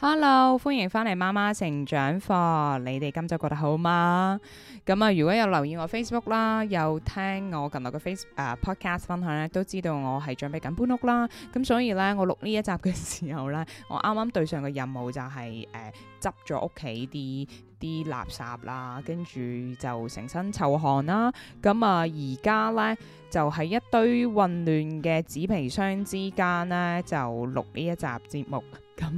hello，歡迎翻嚟媽媽成長課。你哋今週覺得好嗎？咁啊，如果有留意我 Facebook 啦，有聽我近日嘅 face podcast 分享咧，都知道我係準備緊搬屋啦。咁所以呢，我錄呢一集嘅時候呢，我啱啱對上嘅任務就係誒執咗屋企啲啲垃圾啦，跟住就成身臭汗啦。咁啊，而家呢，就喺一堆混亂嘅紙皮箱之間呢，就錄呢一集節目咁。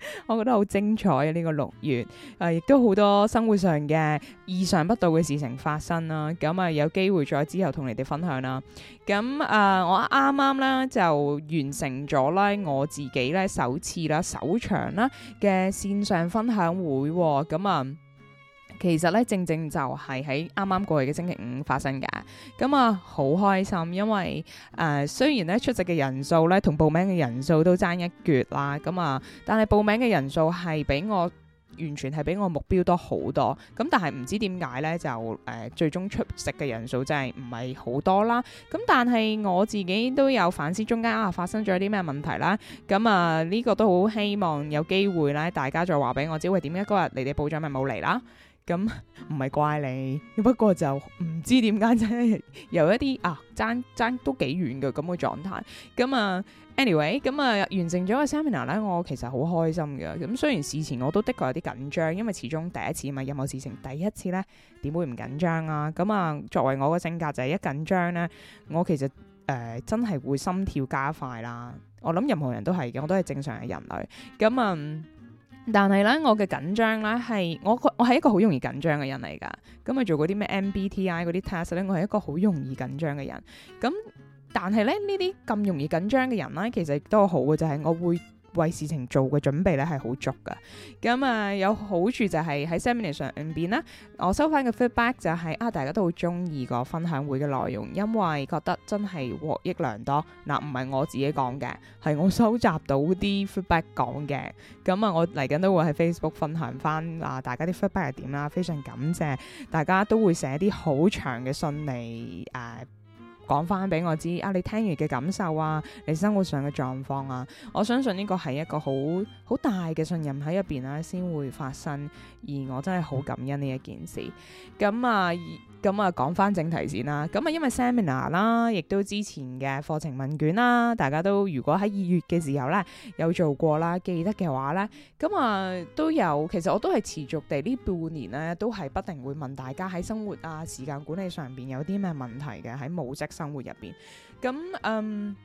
我覺得好精彩啊！呢、這個六月，誒、呃，亦都好多生活上嘅意想不到嘅事情發生啦。咁啊，有機會再之後同你哋分享啦。咁啊、呃，我啱啱咧就完成咗咧，我自己咧首次啦首場啦嘅線上分享會，哦。咁啊。呃其實咧，正正就係喺啱啱過去嘅星期五發生嘅。咁啊好開心，因為誒、呃、雖然咧出席嘅人數咧同報名嘅人數都爭一橛啦，咁啊，但係報名嘅人數係比我完全係比我目標多好多，咁但係唔知點解咧就誒、呃、最終出席嘅人數真係唔係好多啦，咁但係我自己都有反思中間啊發生咗啲咩問題啦，咁啊呢、這個都好希望有機會咧，大家再話俾我知，點解嗰日你哋部長咪冇嚟啦？咁唔係怪你，不過就唔知點解就係由一啲啊爭爭都幾遠嘅咁嘅狀態。咁啊，anyway，咁啊完成咗個 seminar 咧，我其實好開心嘅。咁雖然事前我都的確有啲緊張，因為始終第一次嘛，任何事情第一次咧點會唔緊張啊？咁啊，作為我嘅性格就係、是、一緊張咧，我其實誒、呃、真係會心跳加快啦。我諗任何人都係嘅，我都係正常嘅人類。咁啊。但係咧，我嘅緊張咧係我我係一個好容易緊張嘅人嚟㗎。咁啊做嗰啲咩 MBTI 嗰啲 test 咧，我係一個好容易緊張嘅人。咁但係咧，呢啲咁容易緊張嘅人咧，其實都好嘅，就係我會。為事情做嘅準備咧係好足噶咁啊有好處就係喺 seminar 上邊啦，我收翻個 feedback 就係、是、啊，大家都好中意個分享會嘅內容，因為覺得真係獲益良多。嗱、啊，唔係我自己講嘅，係我收集到啲 feedback 講嘅。咁啊，我嚟緊都會喺 Facebook 分享翻啊，大家啲 feedback 係點啦，非常感謝大家都會寫啲好長嘅信嚟誒。啊講翻俾我知啊！你聽完嘅感受啊，你生活上嘅狀況啊，我相信呢個係一個好好大嘅信任喺入面啊先會發生。而我真係好感恩呢一件事。咁、嗯、啊！咁啊，講翻整體先啦。咁啊，因為 seminar 啦，亦都之前嘅課程問卷啦，大家都如果喺二月嘅時候咧有做過啦，記得嘅話咧，咁啊都有。其實我都係持續地呢半年咧，都係不停會問大家喺生活啊、時間管理上面有啲咩問題嘅喺母職生活入面。咁嗯，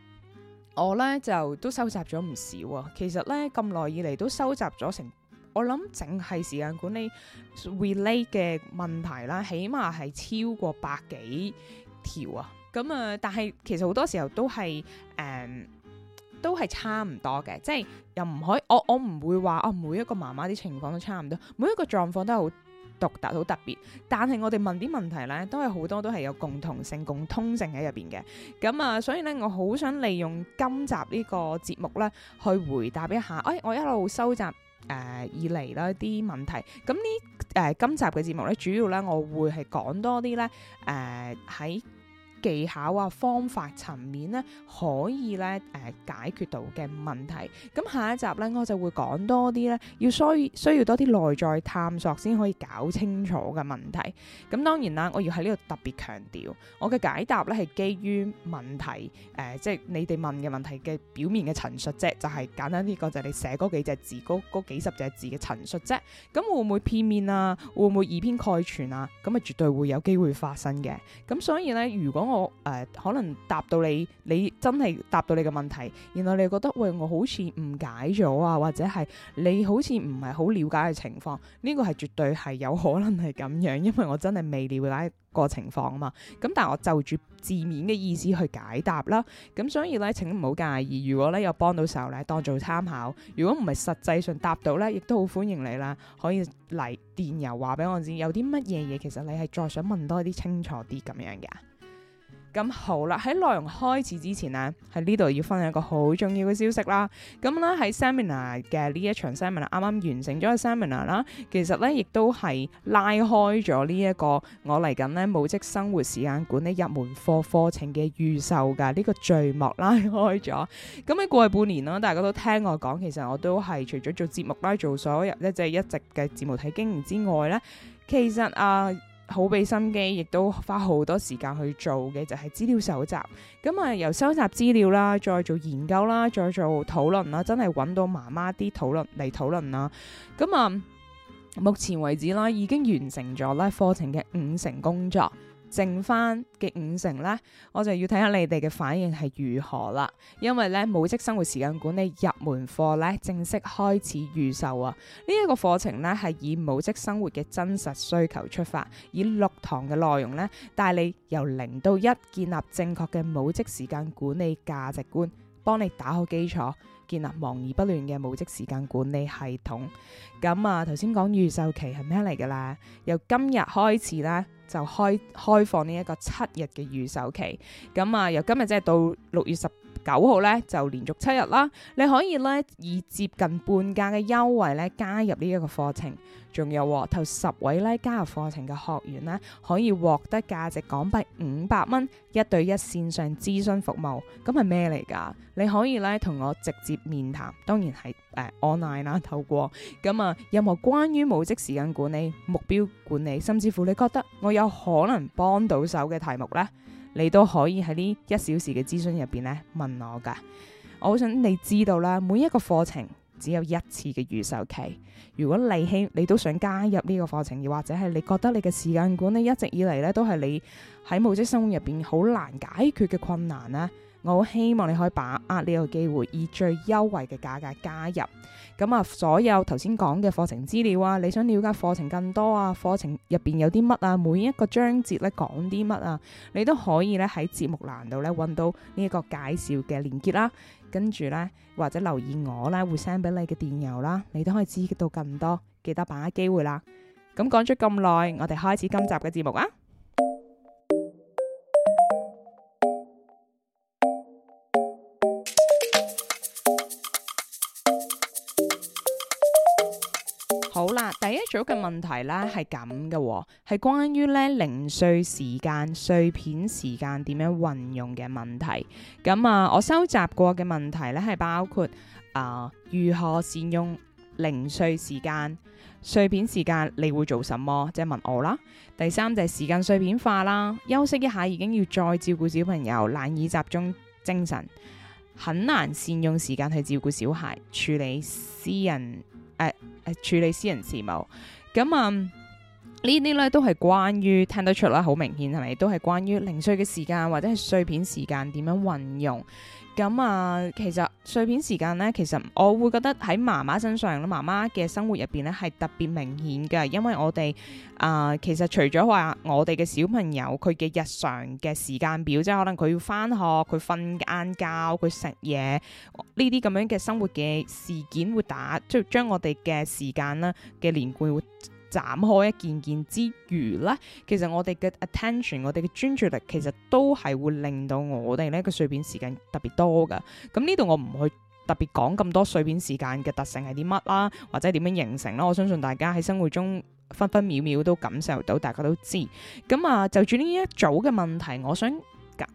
我咧就都收集咗唔少啊。其實咧咁耐以嚟都收集咗成。我諗淨係時間管理 relate 嘅問題啦，起碼係超過百幾條啊。咁啊，但係其實好多時候都係誒、嗯，都係差唔多嘅。即係又唔可以，我我唔會話啊、哦，每一個媽媽啲情況都差唔多，每一個狀況都係好獨特、好特別。但係我哋問啲問題咧，都係好多都係有共同性、共通性喺入邊嘅。咁啊，所以咧，我好想利用今集呢個節目咧，去回答一下。誒、哎，我一路收集，誒、呃、以嚟啦啲問題，咁呢誒今集嘅節目呢，主要呢，我會係講多啲呢誒喺，呃技巧啊，方法層面咧，可以咧誒、呃、解決到嘅問題，咁下一集咧我就會講多啲咧要需需要多啲內在探索先可以搞清楚嘅問題，咁當然啦，我要喺呢度特別強調我嘅解答咧係基於問題誒即係你哋問嘅問題嘅表面嘅陳述啫，就係、是、簡單啲、呢個就係你寫嗰幾隻字嗰嗰幾十隻字嘅陳述啫。咁會唔會片面啊？會唔會以偏概全啊？咁啊絕對會有機會發生嘅。咁所以咧，如果我我誒、呃，可能答到你，你真係答到你嘅問題，然後你覺得喂，我好似誤解咗啊，或者係你好似唔係好了解嘅情況呢、呢個係絕對係有可能係咁樣，因為我真係未了解過情況啊嘛。咁但係我就住字面嘅意思去解答啦。咁所以咧，請唔好介意。如果咧有幫到手咧，當做參考；如果唔係實際上答到咧，亦都好歡迎你啦，可以嚟電郵話俾我知，有啲乜嘢嘢其實你係再想問多啲清楚啲咁樣嘅。咁好啦，喺內容開始之前咧，喺呢度要分享一個好重要嘅消息啦。咁啦，喺 Seminar 嘅呢一場 Seminar 啱啱完成咗個 Seminar 啦，其實咧亦都係拉開咗呢一個我嚟緊咧母職生活時間管理入門課課程嘅預售㗎，呢個序幕拉開咗。咁喺過去半年啦，大家都聽我講，其實我都係除咗做節目啦，做所有即係一直嘅節目體經營之外咧，其實啊～好俾心機，亦都花好多時間去做嘅就係資料搜集。咁啊，由收集資料啦，再做研究啦，再做討論啦，真係揾到媽媽啲討論嚟討論啦。咁啊，目前為止啦，已經完成咗呢課程嘅五成工作。剩翻嘅五成呢，我就要睇下你哋嘅反應係如何啦。因為呢，母職生活時間管理入門課呢，正式開始預售啊！呢、這、一個課程呢，係以母職生活嘅真實需求出發，以六堂嘅內容呢，帶你由零到一建立正確嘅母職時間管理價值觀，幫你打好基礎，建立忙而不亂嘅母職時間管理系統。咁啊，頭先講預售期係咩嚟噶啦？由今日開始咧。就開開放呢一個七日嘅預售期，咁啊由今日即係到六月十九號咧就連續七日啦，你可以咧以接近半價嘅優惠咧加入呢一個課程，仲有頭十位咧加入課程嘅學員呢，可以獲得價值港幣五百蚊一對一線上諮詢服務，咁係咩嚟噶？你可以咧同我直接面談，當然係誒 online 啦，透過咁啊任何關於母職時間管理、目標管理，甚至乎你覺得我有可能幫到手嘅題目呢。你都可以喺呢一小時嘅諮詢入邊咧問我噶，我好想你知道啦，每一個課程只有一次嘅預售期。如果你希你都想加入呢個課程，亦或者係你覺得你嘅時間管理一直以嚟咧都係你喺母職生活入邊好難解決嘅困難咧。我好希望你可以把握呢個機會，以最優惠嘅價格加入。咁啊，所有頭先講嘅課程資料啊，你想了解課程更多啊，課程入邊有啲乜啊，每一個章節咧講啲乜啊，你都可以咧喺節目欄度咧搵到呢一個介紹嘅連結啦。跟住咧，或者留意我咧會 send 俾你嘅電郵啦，你都可以知道更多。記得把握機會啦。咁講咗咁耐，我哋開始今集嘅節目啊！早嘅問題咧係咁嘅，係、哦、關於咧零碎時間、碎片時間點樣運用嘅問題。咁啊，我收集過嘅問題咧係包括啊、呃，如何善用零碎時間、碎片時間？你會做什麼？即係問我啦。第三就係時間碎片化啦，休息一下已經要再照顧小朋友，難以集中精神，很難善用時間去照顧小孩、處理私人。誒，處理私人事務，咁啊、嗯、呢啲都係關於聽得出啦，好明顯，係咪？都係關於零碎嘅時間或者係碎片時間點樣運用。咁啊、嗯，其實碎片時間呢，其實我會覺得喺媽媽身上，媽媽嘅生活入面呢係特別明顯嘅，因為我哋啊、呃，其實除咗話我哋嘅小朋友佢嘅日常嘅時間表，即係可能佢要翻學、佢瞓晏覺、佢食嘢呢啲咁樣嘅生活嘅事件，會打即係將我哋嘅時間呢嘅連貫。斬開一件件之餘呢，其實我哋嘅 attention，我哋嘅專注力，其實都係會令到我哋呢個碎片時間特別多噶。咁呢度我唔去特別講咁多碎片時間嘅特性係啲乜啦，或者點樣形成啦。我相信大家喺生活中分分秒秒都感受到，大家都知。咁啊，就住呢一組嘅問題，我想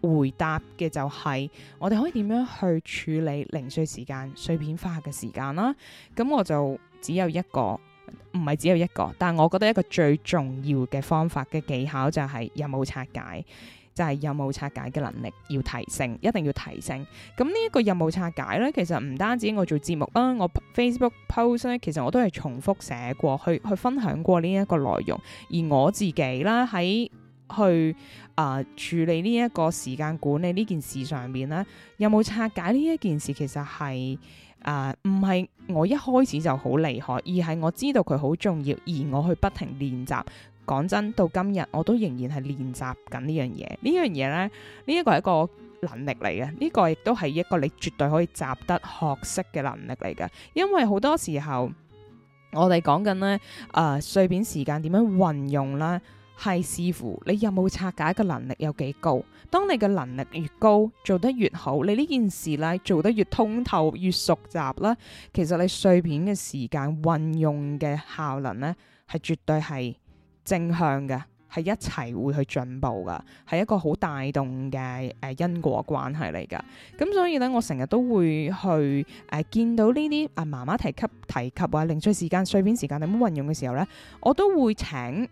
回答嘅就係我哋可以點樣去處理零碎時間、碎片化嘅時間啦。咁我就只有一個。唔係只有一個，但係我覺得一個最重要嘅方法嘅技巧就係任務拆解，就係任務拆解嘅能力要提升，一定要提升。咁呢一個任務拆解呢，其實唔單止我做節目啦，我 Facebook post 咧，其實我都係重複寫過去，去分享過呢一個內容。而我自己啦，喺去啊、呃、處理呢一個時間管理呢件事上面咧，有冇拆解呢一件事，其實係。啊，唔係、uh, 我一開始就好厲害，而係我知道佢好重要，而我去不停練習。講真，到今日我都仍然係練習緊呢樣嘢。呢樣嘢呢，呢一個係一個能力嚟嘅，呢個亦都係一個你絕對可以習得學識嘅能力嚟嘅。因為好多時候我哋講緊呢，啊，碎片時間點樣運用啦。係視乎你有冇拆解嘅能力有幾高，當你嘅能力越高，做得越好，你呢件事咧，做得越通透越熟習啦，其實你碎片嘅時間運用嘅效能咧，係絕對係正向嘅，係一齊會去進步噶，係一個好帶動嘅誒、呃、因果關係嚟噶。咁所以咧，我成日都會去誒、呃、見到呢啲啊媽媽提及提及話零碎時間碎片時間點樣運用嘅時候咧，我都會請。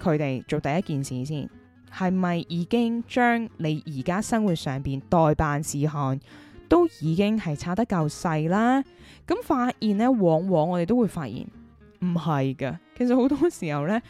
佢哋做第一件事先，係咪已經將你而家生活上面待辦事項都已經係差得夠細啦？咁發現呢，往往我哋都會發現唔係嘅。其實好多時候呢，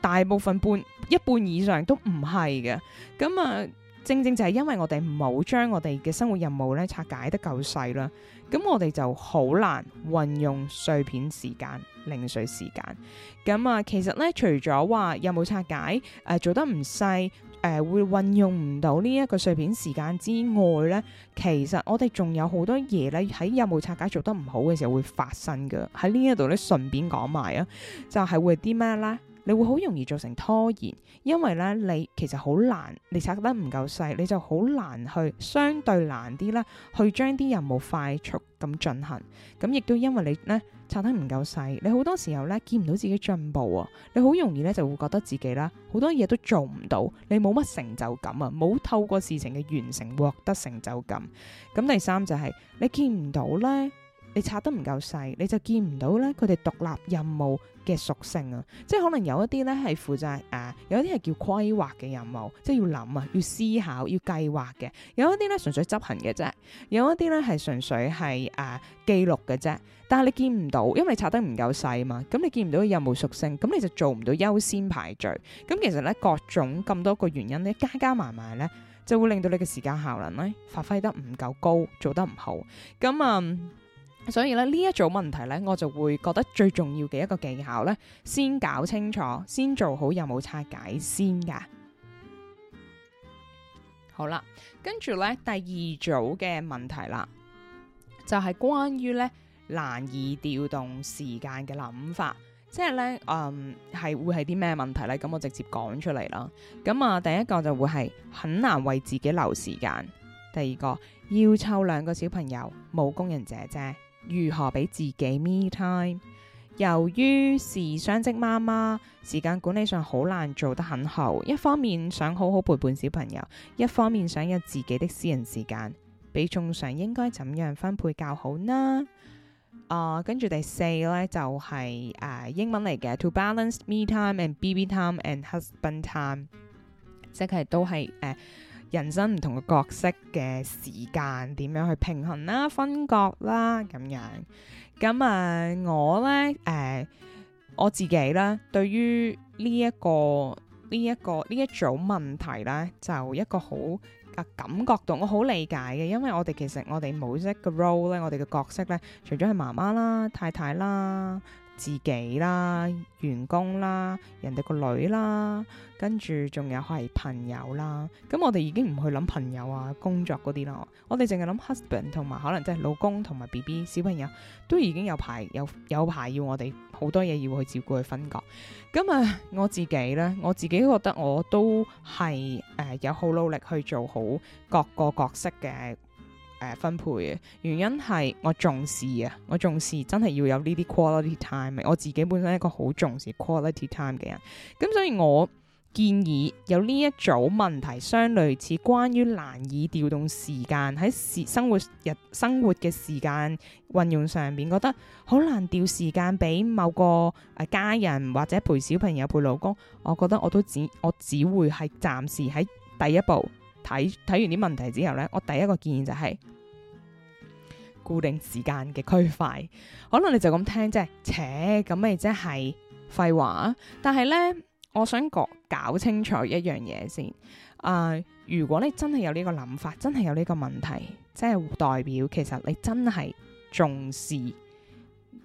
大部分半一半以上都唔係嘅。咁啊～正正就係因為我哋冇將我哋嘅生活任務咧拆解得夠細啦，咁我哋就好難運用碎片時間、零碎時間。咁啊，其實咧除咗話有冇拆解誒、呃、做得唔細誒會運用唔到呢一個碎片時間之外咧，其實我哋仲有好多嘢咧喺有冇拆解做得唔好嘅時候會發生嘅。喺呢一度咧順便講埋啊，就係、是、會啲咩咧？你會好容易造成拖延，因為咧你其實好難，你拆得唔夠細，你就好難去相對難啲咧，去將啲任務快速咁進行。咁亦都因為你呢，拆得唔夠細，你好多時候咧見唔到自己進步啊，你好容易咧就會覺得自己啦好多嘢都做唔到，你冇乜成就感啊，冇透過事情嘅完成獲得成就感。咁第三就係你見唔到咧。你拆得唔夠細，你就見唔到咧佢哋獨立任務嘅屬性啊，即係可能有一啲咧係負責誒、啊，有一啲係叫規劃嘅任務，即係要諗啊，要思考，要計劃嘅。有一啲咧純粹執行嘅啫，有一啲咧係純粹係誒、啊、記錄嘅啫。但係你見唔到，因為你拆得唔夠細嘛，咁你見唔到任務屬性，咁你就做唔到優先排序。咁其實咧各種咁多個原因咧，加加埋埋咧，就會令到你嘅時間效能咧發揮得唔夠高，做得唔好咁啊。所以咧呢一組問題呢，我就會覺得最重要嘅一個技巧呢，先搞清楚，先做好有冇拆解先噶。好啦，跟住呢，第二組嘅問題啦，就係關於呢難以調動時間嘅諗法，即係呢嗯，係會係啲咩問題呢？咁我直接講出嚟啦。咁啊，第一個就會係很難為自己留時間；第二個要湊兩個小朋友冇工人姐姐。如何俾自己 me time？由於是雙職媽媽，時間管理上好難做得很好。一方面想好好陪伴小朋友，一方面想有自己的私人時間，比重上應該怎樣分配較好呢？Uh, 跟住第四咧就係、是、誒、uh, 英文嚟嘅 to balance me time and baby time and husband time，即係都係誒。Uh, 人生唔同嘅角色嘅時間點樣去平衡啦、分隔啦咁樣，咁啊我呢，誒、呃、我自己呢，對於呢、這個這個、一個呢一個呢一組問題呢，就一個好、啊、感覺到我好理解嘅，因為我哋其實我哋母職嘅 role 咧，我哋嘅角色呢，除咗係媽媽啦、太太啦。自己啦，員工啦，人哋個女啦，跟住仲有係朋友啦。咁我哋已經唔去諗朋友啊，工作嗰啲啦。我哋淨係諗 husband 同埋可能即係老公同埋 BB 小朋友，都已經有排有有排要我哋好多嘢要去照顧去分割。咁啊，我自己呢，我自己覺得我都係誒、呃、有好努力去做好各個角色嘅。誒，分配嘅原因係我重視啊，我重視真係要有呢啲 quality time。我自己本身一個好重視 quality time 嘅人，咁所以我建議有呢一組問題，相類似關於難以調動時間喺時生活日生活嘅時間運用上面覺得好難調時間俾某個誒家人或者陪小朋友陪老公，我覺得我都只我只會係暫時喺第一步睇睇完啲問題之後咧，我第一個建議就係、是。固定時間嘅區塊，可能你就咁聽啫，就是、扯咁咪即係廢話。但係呢，我想講搞清楚一樣嘢先。啊、呃，如果你真係有呢個諗法，真係有呢個問題，即、就、係、是、代表其實你真係重視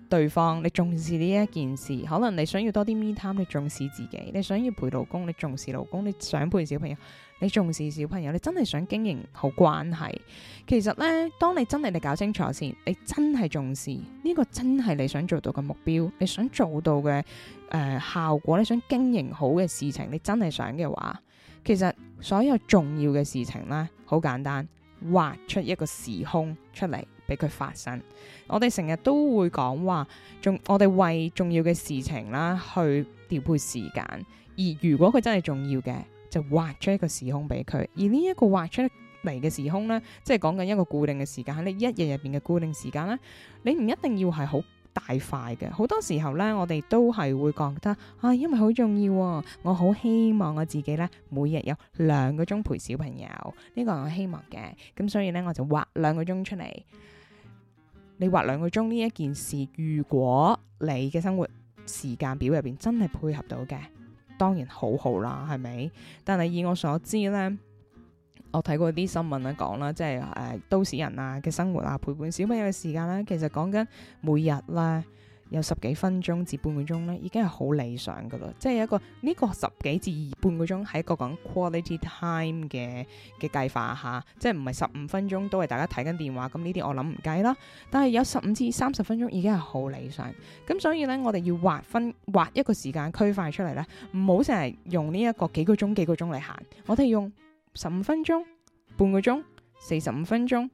對方，你重視呢一件事。可能你想要多啲 me time，你重視自己；你想要陪老公，你重視老公；你想陪小朋友。你重視小朋友，你真係想經營好關係。其實呢，當你真係你搞清楚先，你真係重視呢、呢個，真係你想做到嘅目標，你想做到嘅誒、呃、效果，你想經營好嘅事情，你真係想嘅話，其實所有重要嘅事情呢，好簡單，畫出一個時空出嚟俾佢發生。我哋成日都會講話，仲我哋為重要嘅事情啦去調配時間，而如果佢真係重要嘅。就畫出一個時空俾佢，而呢一個畫出嚟嘅時空呢，即係講緊一個固定嘅時間，你一日入邊嘅固定時間呢，你唔一定要係好大塊嘅，好多時候呢，我哋都係會覺得啊、哎，因為好重要、啊，我好希望我自己呢，每日有兩個鐘陪小朋友，呢、這個係我希望嘅，咁所以呢，我就畫兩個鐘出嚟。你畫兩個鐘呢一件事，如果你嘅生活時間表入邊真係配合到嘅。當然好好啦，係咪？但係以我所知咧，我睇過啲新聞咧講啦，即係、呃、都市人啊嘅生活啊，陪伴小朋友嘅時間咧，其實講緊每日咧。有十幾分鐘至半個鐘咧，已經係好理想噶啦，即係一個呢、這個十幾至二半個鐘，係一個講 quality time 嘅嘅計劃嚇，即係唔係十五分鐘都係大家睇緊電話咁呢啲我諗唔計啦。但係有十五至三十分鐘已經係好理想，咁所以咧我哋要劃分劃一個時間區塊出嚟咧，唔好成日用呢一個幾個鐘幾個鐘嚟行，我哋用十五分鐘、半個鐘、四十五分鐘，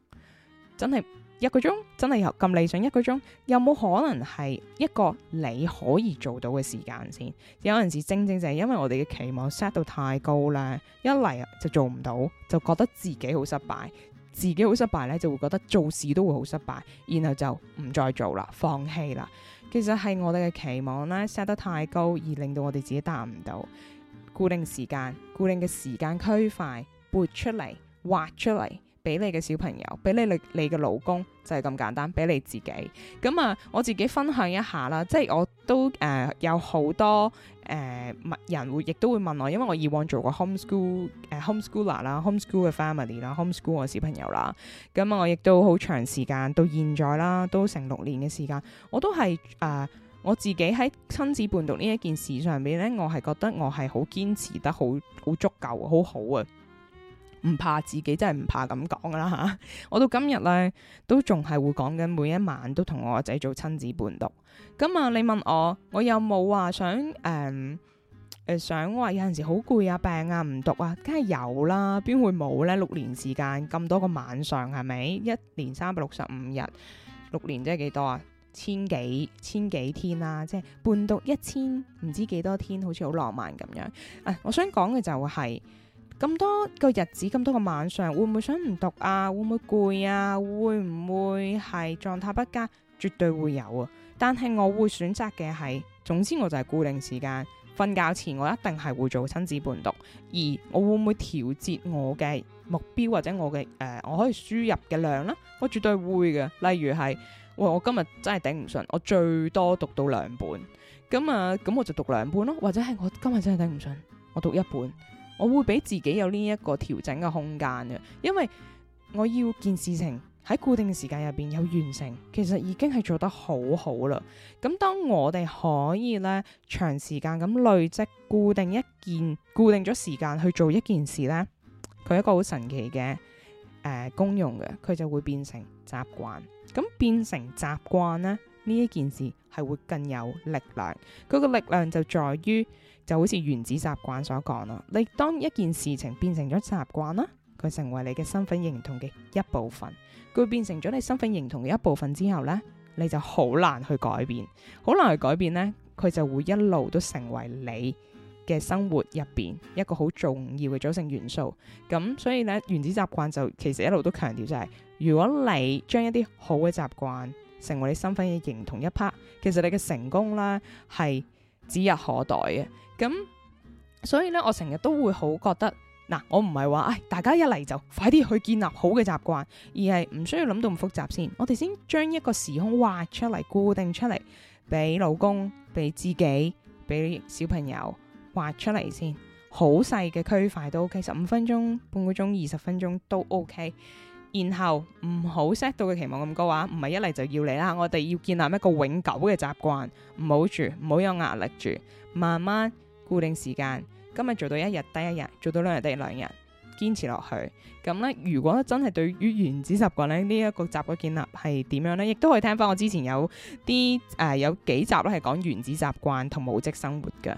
真係。一個鐘真係有咁理想，一個鐘有冇可能係一個你可以做到嘅時間先？有陣時正正就係因為我哋嘅期望 set 到太高啦，一嚟就做唔到，就覺得自己好失敗，自己好失敗呢，就會覺得做事都會好失敗，然後就唔再做啦，放棄啦。其實係我哋嘅期望呢 set 得太高，而令到我哋自己達唔到固定時間、固定嘅時間區塊撥出嚟、畫出嚟。俾你嘅小朋友，俾你你你嘅老公就係、是、咁簡單，俾你自己。咁啊，我自己分享一下啦，即係我都誒、呃、有好多誒、呃、人會亦都會問我，因為我以往做過 homeschool 誒、呃、homeschooler 啦，homeschool 嘅 family 啦，homeschool 嘅小朋友啦。咁啊，我亦都好長時間到現在啦，都成六年嘅時間，我都係誒、呃、我自己喺親子伴讀呢一件事上面呢，我係覺得我係好堅持得好好足夠，好好啊！唔怕自己真係唔怕咁講㗎啦吓，我到今日咧都仲係會講緊每一晚都同我仔做親子伴讀。咁啊，你問我我有冇話想誒、呃呃、想話有陣時好攰啊病啊唔讀啊，梗係有啦，邊會冇呢？六年時間，咁多個晚上係咪？一年三百六十五日，六年即係幾多啊？千幾千幾天啦、啊，即係伴讀一千唔知幾多天，好似好浪漫咁樣。誒、啊，我想講嘅就係、是。咁多個日子，咁多個晚上，會唔會想唔讀啊？會唔會攰啊？會唔會係狀態不佳？絕對會有啊！但係我會選擇嘅係，總之我就係固定時間瞓覺前，我一定係會做親子伴讀。而我會唔會調節我嘅目標或者我嘅、呃、我可以輸入嘅量啦？我絕對會嘅。例如係，喂，我今日真係頂唔順，我最多讀到兩本。咁啊，咁我就讀兩本咯。或者係我今日真係頂唔順，我讀一本。我會俾自己有呢一個調整嘅空間嘅，因為我要件事情喺固定時間入邊有完成，其實已經係做得好好啦。咁當我哋可以呢長時間咁累積固定一件、固定咗時間去做一件事呢，佢一個好神奇嘅誒、呃、功用嘅，佢就會變成習慣。咁變成習慣呢，呢一件事係會更有力量。佢個力量就在於。就好似原子習慣所講咯，你當一件事情變成咗習慣啦，佢成為你嘅身份認同嘅一部分，佢變成咗你身份認同嘅一部分之後咧，你就好難去改變，好難去改變咧，佢就會一路都成為你嘅生活入邊一個好重要嘅組成元素。咁所以咧，原子習慣就其實一路都強調就係，如果你將一啲好嘅習慣成為你身份認同一 part，其實你嘅成功啦係指日可待嘅。咁所以咧，我成日都會好覺得嗱，我唔係話唉，大家一嚟就快啲去建立好嘅習慣，而係唔需要諗到咁複雜先。我哋先將一個時空畫出嚟，固定出嚟，俾老公、俾自己、俾小朋友畫出嚟先。好細嘅區塊都 OK，十五分鐘、半個鐘、二十分鐘都 OK。然後唔好 set 到嘅期望咁高啊！話唔係一嚟就要你啦。我哋要建立一個永久嘅習慣，唔好住，唔好有壓力住，慢慢。固定時間，今日做到一日得一日，做到兩日得兩日，堅持落去。咁咧，如果真係對於原子習慣咧呢一、這個習慣建立係點樣呢？亦都可以聽翻我之前有啲誒、呃、有幾集咧係講原子習慣同母職生活噶。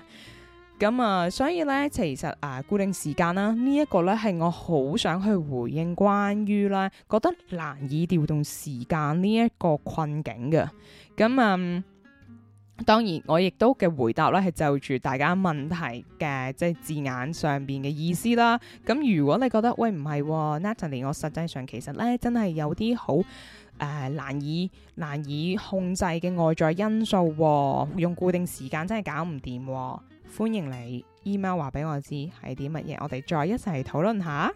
咁啊、呃，所以呢，其實啊、呃，固定時間啦，呢、這、一個呢，係我好想去回應關於咧覺得難以調動時間呢一個困境嘅。咁啊。嗯當然，我亦都嘅回答咧係就住大家問題嘅即係字眼上邊嘅意思啦。咁如果你覺得喂唔係喎，Natalie，我實際上其實咧真係有啲好誒、呃、難以難以控制嘅外在因素、哦，用固定時間真係搞唔掂、哦。歡迎你 email 話俾我知係啲乜嘢，我哋再一齊討論下。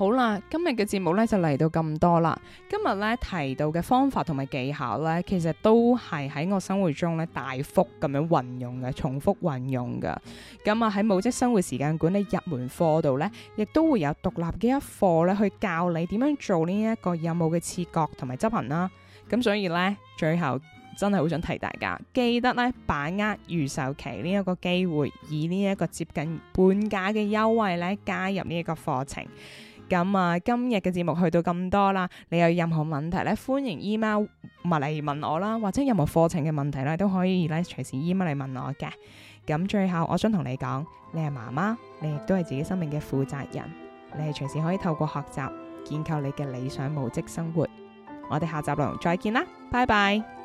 好啦，今日嘅節目咧就嚟到咁多啦。今日咧提到嘅方法同埋技巧咧，其實都係喺我生活中咧大幅咁樣運用嘅，重複運用嘅。咁啊喺《母職生活時間管理入門課》度咧，亦都會有獨立嘅一課咧，去教你點樣做呢一個任務嘅切割同埋執行啦。咁、嗯、所以咧，最後真係好想提大家，記得咧把握預售期呢一個機會，以呢一個接近半價嘅優惠咧加入呢一個課程。咁啊，今日嘅節目去到咁多啦，你有任何問題咧，歡迎 email 物嚟問我啦，或者任何課程嘅問題咧，都可以咧隨時 email 嚟問我嘅。咁最後，我想同你講，你係媽媽，你亦都係自己生命嘅負責人，你係隨時可以透過學習建構你嘅理想母職生活。我哋下集內容再見啦，拜拜。